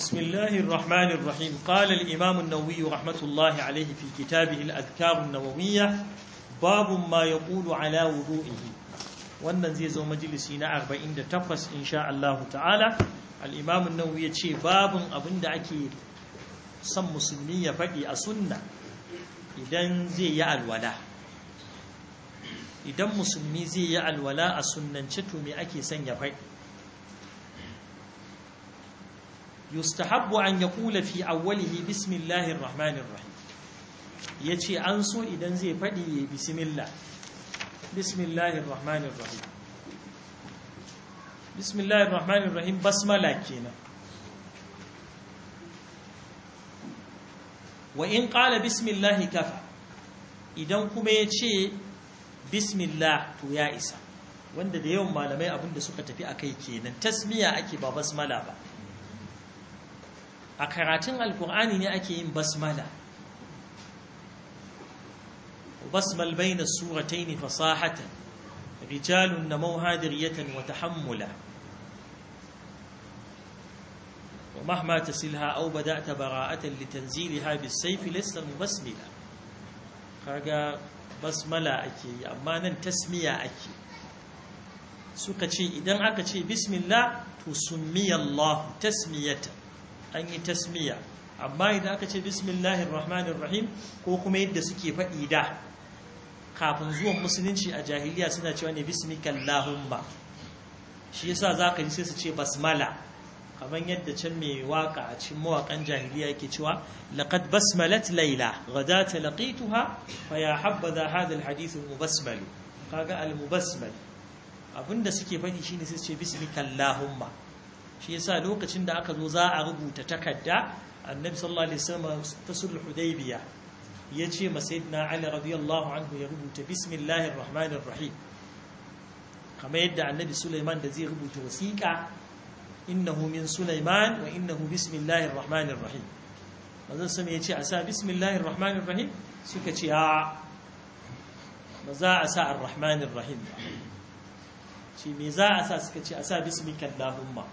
بسم الله الرحمن الرحيم قال الإمام النووي رحمة الله عليه في كتابه الأذكار النووية باب ما يقول على وضوئه wannan zai zo majalisi na 48 insha Allah ta'ala al-Imam an-Nawawi yace babun abinda ake son musulmi ya faɗi a sunna idan zai yi alwala idan musulmi zai yi alwala a sunnance to me ake son ya faɗi yustahabbu an yaqula fi awwalihi bismillahir rahmanir rahim yace an so idan zai fadi yayi bismillah bismillahir rahmanir rahim bismillahir rahmanir rahim basmala kenan wa in qala bismillah kafa idan kuma yace bismillah to ya isa wanda da yawan malamai abinda suka tafi akai kenan tasmiya ake ba basmala ba a karatun alkur'ani ne ake yin basmala basmal baina surataini fasahata. rijalun na mauhadiriyatan wa tahammula ومهما تسلها أو بدأت براءة لتنزيلها بالسيف sai مبسملا kaga basmala ake yi amma nan tasmiya ake suka ce idan aka ce bismillah to summiya Allah an yi tasmiya amma idan aka ce bismillahir rahmanir rahim ko kuma yadda suke faɗi da kafin zuwan musulunci a jahiliya suna cewa ne bismikallahumma shi yasa zaka ji sai su ce basmala kamar yadda can mai waka a cikin mawakan jahiliya yake cewa laqad basmalat layla ghadata laqituha fa ya habbaza hadha alhadith almubasmal kaga almubasmal abinda suke faɗi shine sai su ce bismikallahumma shi yasa lokacin da aka zo za a rubuta takarda annabi sallallahu alaihi wasallam ta sulh hudaybiya yace ma sayyidina ali radiyallahu anhu ya rubuta bismillahir rahmanir rahim kamar yadda annabi sulaiman da zai rubuta wasiqa innahu min sulaiman wa innahu bismillahir rahmanir rahim manzon sama yace a sa bismillahir rahmanir rahim suka ce a ba za a sa ar-rahmanir rahim shi me za a sa suka ce a sa bismika allahumma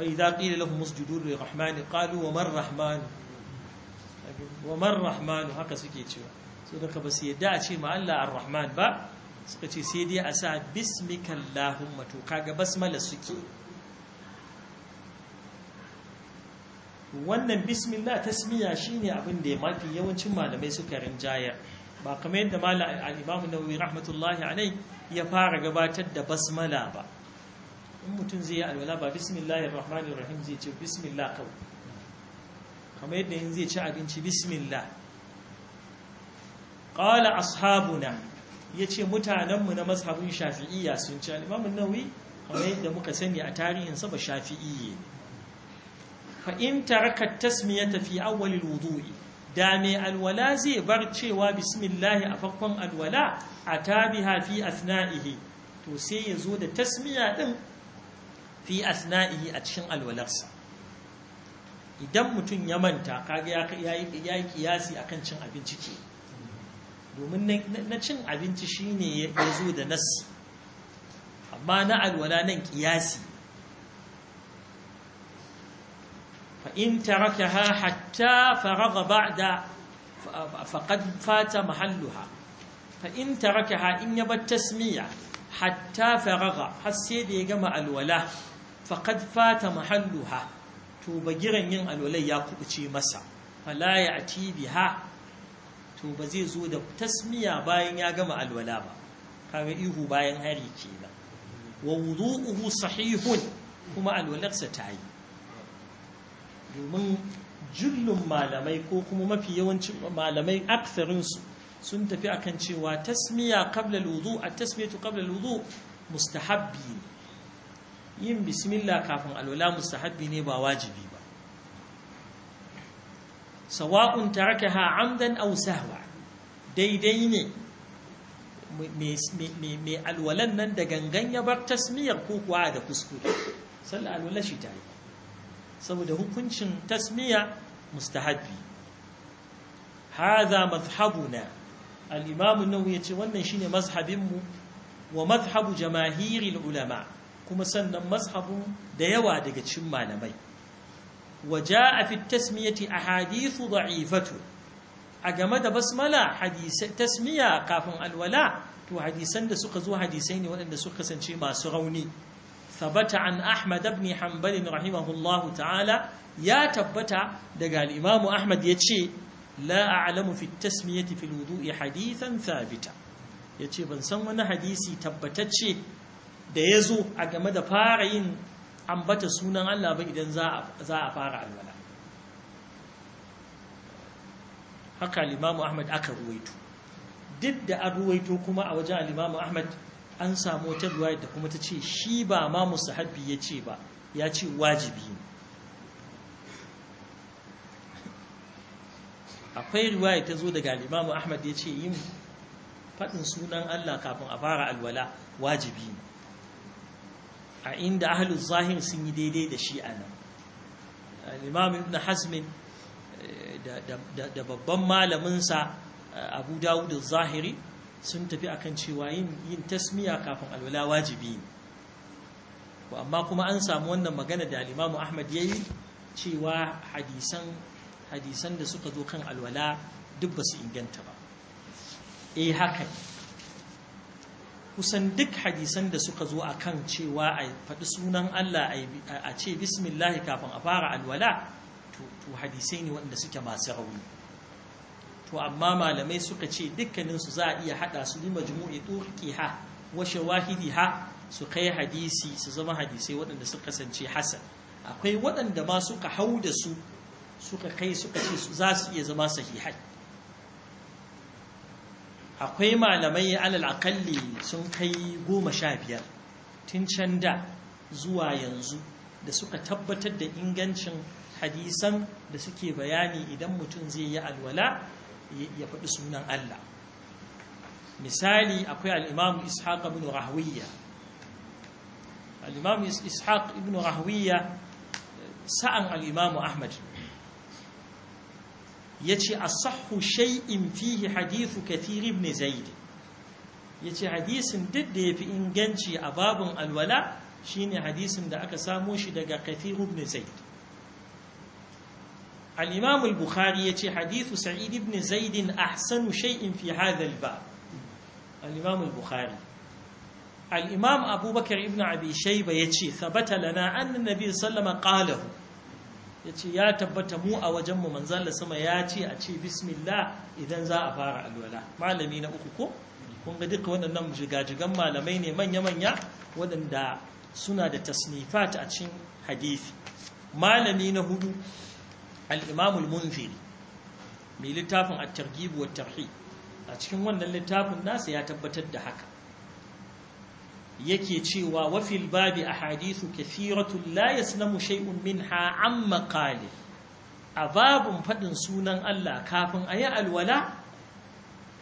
وإذا قيل لهم اسجدوا للرحمن قالوا وما الرحمن وما الرحمن هكا سكي تشوى سودك بس يدعى شيء ما الله الرحمن با سكتي سيدي أسا بسمك اللهم توقع بسم الله سكي wannan bismillah tasmiya shine abin da mafi yawancin malamai suka rinjaya ba kamar yadda malamin al-Imam Nawawi rahmatullahi alayhi ya fara gabatar da basmala ba in mutum zai yi alwala ba bismillahir rahmanir rahim zai ce bismillah kawai kamar yadda in zai ci abinci bismillah qala ashabuna ce mutanenmu na mazhabin shafi'iyya sun ci al nauyi. an kamar yadda muka sani a tarihin sa ba shafi'iyye ne. in taraka tasmiyata fi awwal al-wudu'i da mai alwala zai bar cewa bismillah a farkon alwala a tabiha fi asna'ihi to sai ya zo da tasmiya din fi asna'ihi a cikin alwalarsa idan mutum ya manta kaga ya yi kiyasi akan cin abinci ke domin na cin abinci shine ya zo da nas amma na alwala nan kiyasi فإن تركها حتى فرغ بعد فقد فات محلها فإن تركها إن يبت تسمية hatta farara har sai da ya gama alwala faqad fata mahalluha to bagiran yin alwalai ya kubuce masa fala ya'ti biha to ba zai zo da tasmiya bayan ya gama alwala ba kaga ihu bayan hari kenan wa wudu'uhu sahihun kuma alwalarsa ta yi domin jullun malamai ko kuma mafi yawancin malamai su sun tafi akan cewa tasmiya qabla al-wudu at-tasmiyatu qabla al mustahabbi yin bismillah kafin alwala mustahabbi ne ba wajibi ba sawa'un tarakaha amdan aw sahwa daidai ne mai alwalan nan da gangan ya bar tasmiyar ko kuwa da kuskure sallah alwala shi ta yi saboda hukuncin tasmiya mustahabbi hadha madhhabuna Al'imamu imamu ya yace wannan shine ne mu wa mazhabu jamahiril ulama kuma sannan mazhabu da yawa daga cikin malamai wa a fi tasmiyati ahadithu da'ifatu a game da basmala hadisai tasmiya kafin alwala to hadisan da suka zo hadisai ne waɗanda suka kasance masu rauni ثبت عن أحمد بن حنبل رحمه الله تعالى يا تبتا دقال الإمام أحمد يتشي la a'lamu fi tasmiyati fil wudu'i hadithan thabita yace ban san wani hadisi tabbatacce da yazo a game da fara yin ambata sunan Allah ba idan za a fara alwala haka limamu Ahmad aka ruwaito duk da an ruwaito kuma a wajen limamu Ahmad an samu wata ruwaya da kuma ta ce shi ba ma musahabi ya ce ba ya ce wajibi ne akwai riwaya ta zo daga limamu Ahmad ya ce yin faɗin sunan Allah kafin a fara alwala wajibi ne a inda ahlu zahir sun yi daidai da shi a nan limamu na Ibn eh, da babban malaminsa eh, Abu Dawud zahiri sun tafi akan cewa yin tasmiya kafin alwala wajibi ne amma kuma an samu wannan magana da limamu Ahmad ya yi cewa hadisan hadisan da suka zo kan alwala duk ba su inganta ba eh haka kusan duk hadisan da suka zo a kan cewa a faɗi sunan Allah a ce bismillahi kafin a fara alwala to hadisai ne waɗanda suke masu rauni to amma malamai suka ce dukkaninsu za a iya haɗa su lima jumu'i turki ha washe wahidi ha su kai hadisi su zama hadisai waɗanda suka kasance hasan akwai waɗanda ma suka hau da su suka kai suka ce za su iya zama sahihai akwai malamai alal akalli sun kai goma sha biyar tun can da zuwa yanzu da suka tabbatar da ingancin hadisan da suke bayani idan mutum zai yi alwala ya faɗi sunan Allah misali akwai al'imamu ishaq ibn rahawiyya al'imamu ishaq ibn rahawiyya sa'an al'imamu ahmad yace as shay'in fihi hadithu kathir ibn zaid yace hadisin duk da yafi inganci a babun alwala shine hadisin da aka samo shi daga kathir ibn zaid al-imam al-bukhari yace hadithu sa'id ibn zaid ahsanu shay'in fi hadha al-bab al-imam al-bukhari الإمام أبو بكر ابن أبي شيبة يتشي ثبت لنا أن النبي صلى الله عليه وسلم قاله ya ce ya tabbata mu a wajenmu manzala sama ya ce a ce bismillah idan za a fara alwala malami na uku ko kun ga duka waɗannan jigajigan malamai ne manya-manya waɗanda suna da tasnifat a cikin hadisi malami na hudu al'imamul munziri mai littafin a targibuwar tarhi a cikin wannan littafin nasa ya tabbatar da haka yake cewa wafil babi a hadithu kathiratun la yaslamu shay'un min amma qali a babun faɗin sunan Allah kafin a yi alwala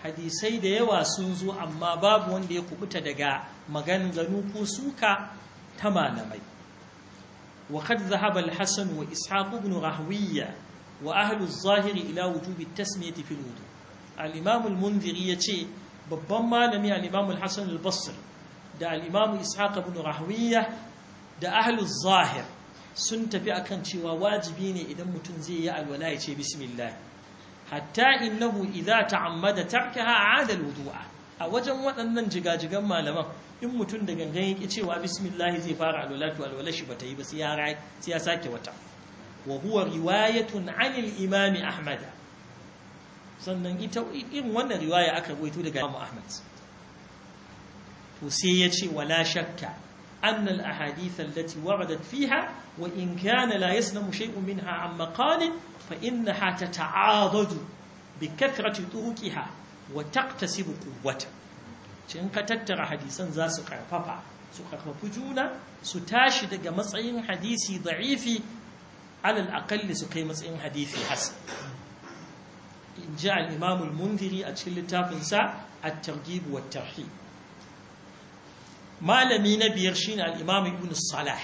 hadisai da yawa sun zo amma babu wanda ya kubuta daga maganganu ko suka ta malamai وقد ذهب الحسن وإسحاق بن رهوية وأهل الظاهر إلى وجوب التسمية في الوضوء الإمام المنذري يتي babban malami al-Imam al-Hasan al-Basri da al'imamu ishaq bin rahawiyya da ahlus zahir sun tafi akan cewa wajibi ne idan mutum zai yi alwala ya ce bismillah hatta innahu idza ta'ammada tarkaha 'ada wudua a wajen waɗannan jigajigan malaman in mutum da gangan ƙi cewa bismillah zai fara alwala alwala shi bata yi ba sai ya sake wata wa huwa riwayatun 'anil imam ahmad sannan ita irin wannan riwaya aka gwaito daga Imam Ahmad to ya ce wala shakka annal ahadith allati waradat fiha wa in kana la yaslamu shay'un minha an maqalin fa innaha tata'adadu bi kathrati turuqiha wa taqtasibu quwwata cin ka tattara hadisan za su karfafa su karfafu juna su tashi daga matsayin hadisi da'ifi alal aqalli su kai matsayin hadisi hasan in ja al-imam al a cikin littafin sa a wa at-tarhib malami na biyar shi ne imam ibn salah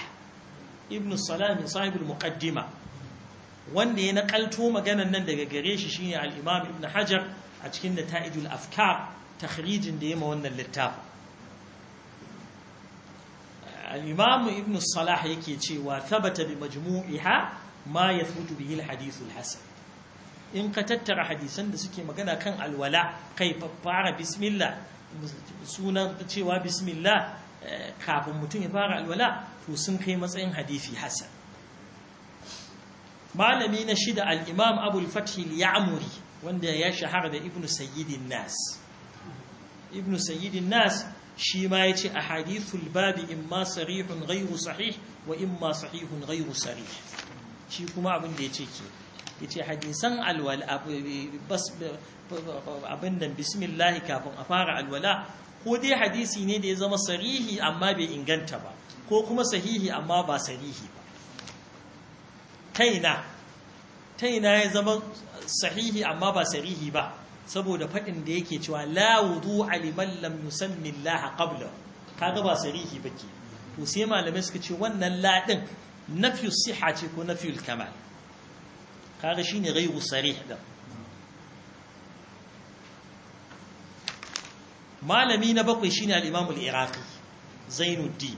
ibn salah min sahibul muqaddima wanda ya naƙalto maganan nan daga gare shi shine ne imam ibn hajar a cikin afka afkar takhrijin da ya ma wannan littafi al ibn salah yake cewa thabata bi majmu'iha ma yathubutu bihi al-hadith hasan in ka tattara hadisan da suke magana kan alwala kai fara bismillah sunan cewa bismillah kafin mutum ya fara alwala to sun kai matsayin hadisi hasan malami na shida al-imam abul fathi al-ya'muri wanda ya shahara da ibnu sayyidin nas ibnu sayyidin nas shi ma yace ahadithul babi imma sarihun ghayru sahih wa imma sahihun ghayru sarih shi kuma abin da yace ke yace hadisan alwala abin da bismillah kafin a fara alwala ko dai hadisi ne da ya zama sarihi amma bai inganta ba ko kuma sahihi amma ba sarihi ba taina taina ya zama sahihi amma ba sarihi ba saboda faɗin da yake cewa la wudu aliman lam yusammi Allah qabla kaga ba sarihi bake to sai malamai suka ce wannan la din nafyu siha ce ko nafyul kamal kaga shine ghayru sarih da malami na bakwai shine al-imam al-iraqi zainuddin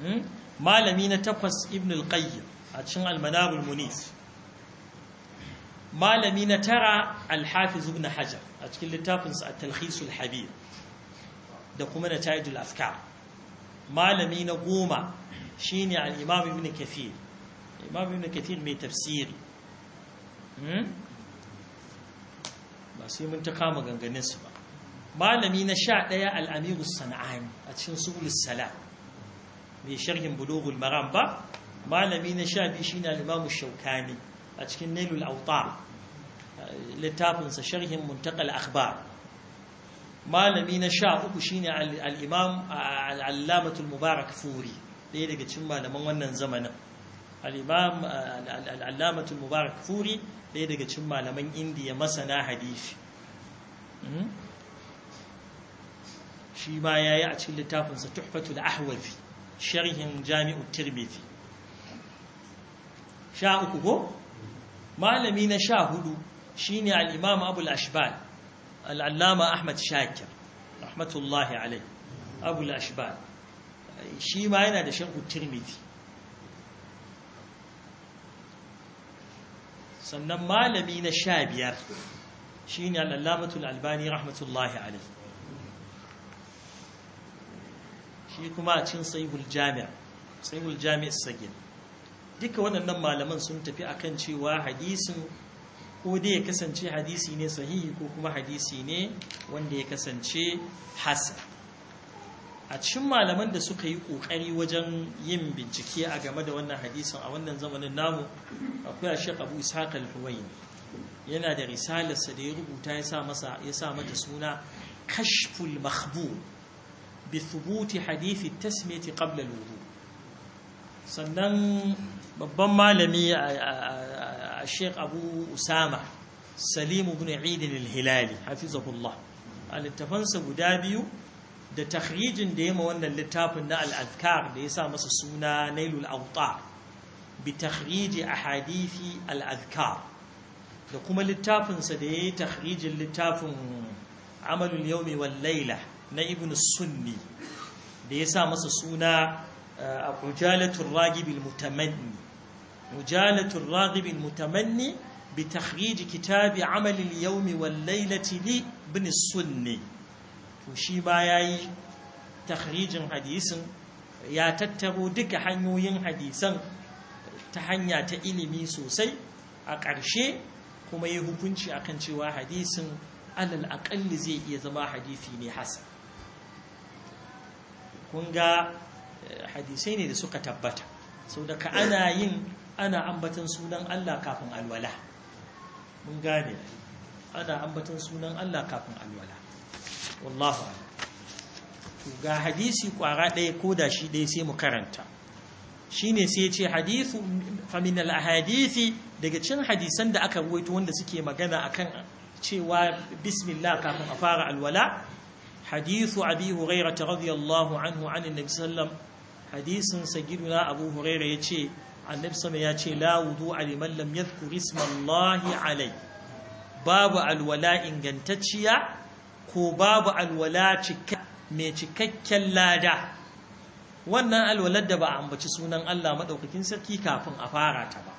hmm? malami na takwas ibn al-qayyim a cikin al-manar al-munif malami na tara al-hafiz ibn hajar a cikin littafin sa at-talkhis al-habib da kuma nataij al-afkar malami na goma shine al-imam ibn kathir imam ibn kathir mai tafsiri hmm? ba sai mun ta kama ganganin su ba malami na sha ɗaya al'amiru sana'ani a cikin su'ulus sala mai sharhin Bulogul maram ba malami na sha biyu shine al-imamu shaukani a cikin nailul auta littafinsa sharhin muntakal akhbar malami na sha uku shi ne Alimam al mubarak furi ɗaya daga cin malaman wannan zamanin Alimam imam mubarak furi ɗaya daga cin malaman indiya masana hadisi hmm? shi ma ya yi a cikin littafinsa tuhfatul ahwazi sharhin jami'u tirmidhi sha uku ko malami na sha hudu shine al-imam abu al-ashbal al-allama ahmad shakir rahmatullahi alai abu al-ashbal shi ma yana da sharhu tirmidhi sannan malami na sha biyar shine al-allamatul albani rahmatullahi alai shi kuma a cin sahihul jami' sahihul jami' sagir duka waɗannan malaman sun tafi akan cewa hadisin ko dai ya kasance hadisi ne sahihi ko kuma hadisi ne wanda ya kasance hasan a cikin malaman da suka yi kokari wajen yin bincike a game da wannan hadisin a wannan zamanin namu akwai Sheikh Abu Ishaq al-Huwaini yana da risalarsa da ya rubuta ya sa masa ya sa mata suna Kashful Makhbul bi thubuti hadithi tasmiyati qabla al sannan babban malami a shek Abu Usama Salim ibn Eid al-Hilali hafizahullah a littafansa guda biyu da takrijin da ma wannan littafin na al-azkar da ya sa masa suna Nailul Awtar bi takhriji ahadithi al-azkar da kuma littafinsa da ya yi takhrijin littafin amalul yawmi wal layla na ibn sunni da ya sa masa suna a eh, mujalatun Ragibin mutamanni mujalatun Ragibin mutamanni bi takhriji kitabi amalin yaumi wallailati lailati li ibn sunni to shi ba yayi takhrijin hadisin ya tattaro duka hanyoyin hadisan ta hanya ta ilimi sosai a ƙarshe kuma ya hukunci akan cewa hadisin alal aƙalli zai iya zama hadisi ne hasan kun ga eh, hadisai ne da suka tabbata sau da ka ana yin ana ambatan sunan Allah kafin alwala mun gane ana ambatan sunan Allah kafin alwala wallahu to ga hadisi kwara ɗaya ko da shi ɗaya sai mu karanta shine sai ce hadisu famin al ahadithi daga cin hadisan da aka ruwaito wanda suke magana akan cewa bismillah kafin a fara alwala حديث أبي هريرة رضي الله عنه عن النبي صلى الله عليه وسلم حديث سيدنا أبو هريرة يتي النبي صلى الله عليه وسلم لا وضوء لمن لم يذكر اسم الله عليه باب الولاء إن جنتشيا كو باب الولاء تشك cikakken lada wannan alwalar da ba a ambaci sunan Allah maɗaukakin sarki كافن a تبا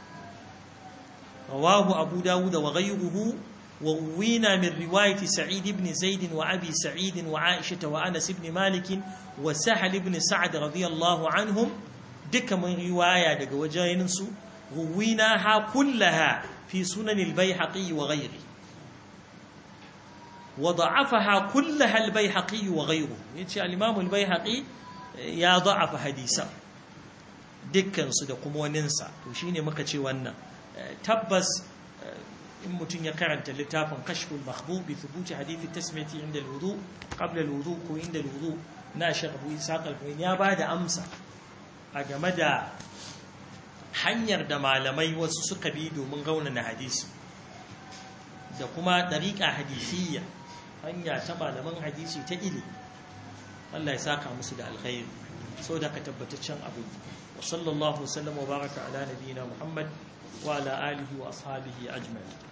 رواه ba rawahu وغيره وروينا من رواية سعيد بن زيد وأبي سعيد وعائشة وأنس بن مالك وسهل بن سعد رضي الله عنهم دك من رواية دك وجاينسو رويناها كلها في سنن البيحقي وغيره وضعفها كلها البيحقي وغيره يتشى الإمام البيحقي يا ضعف حديثا دكا صدق وننسى وشيني مكتشي وانا تبس in mutum ya karanta littafin kashful mahbub bi thubuti hadithi tasmiyati inda alwudu qabla luru, ko inda alwudu na Sheikh Abu Isaq al ya bada amsa a game da hanyar da malamai wasu suka bi domin na hadisi da kuma dariƙa hadisiyya hanya ta malaman hadisi ta ili Allah ya saka musu da alkhairi so da ka tabbataccen abu wa sallallahu wasallam wa baraka ala nabiyina Muhammad wa ala alihi wa ashabihi ajma'in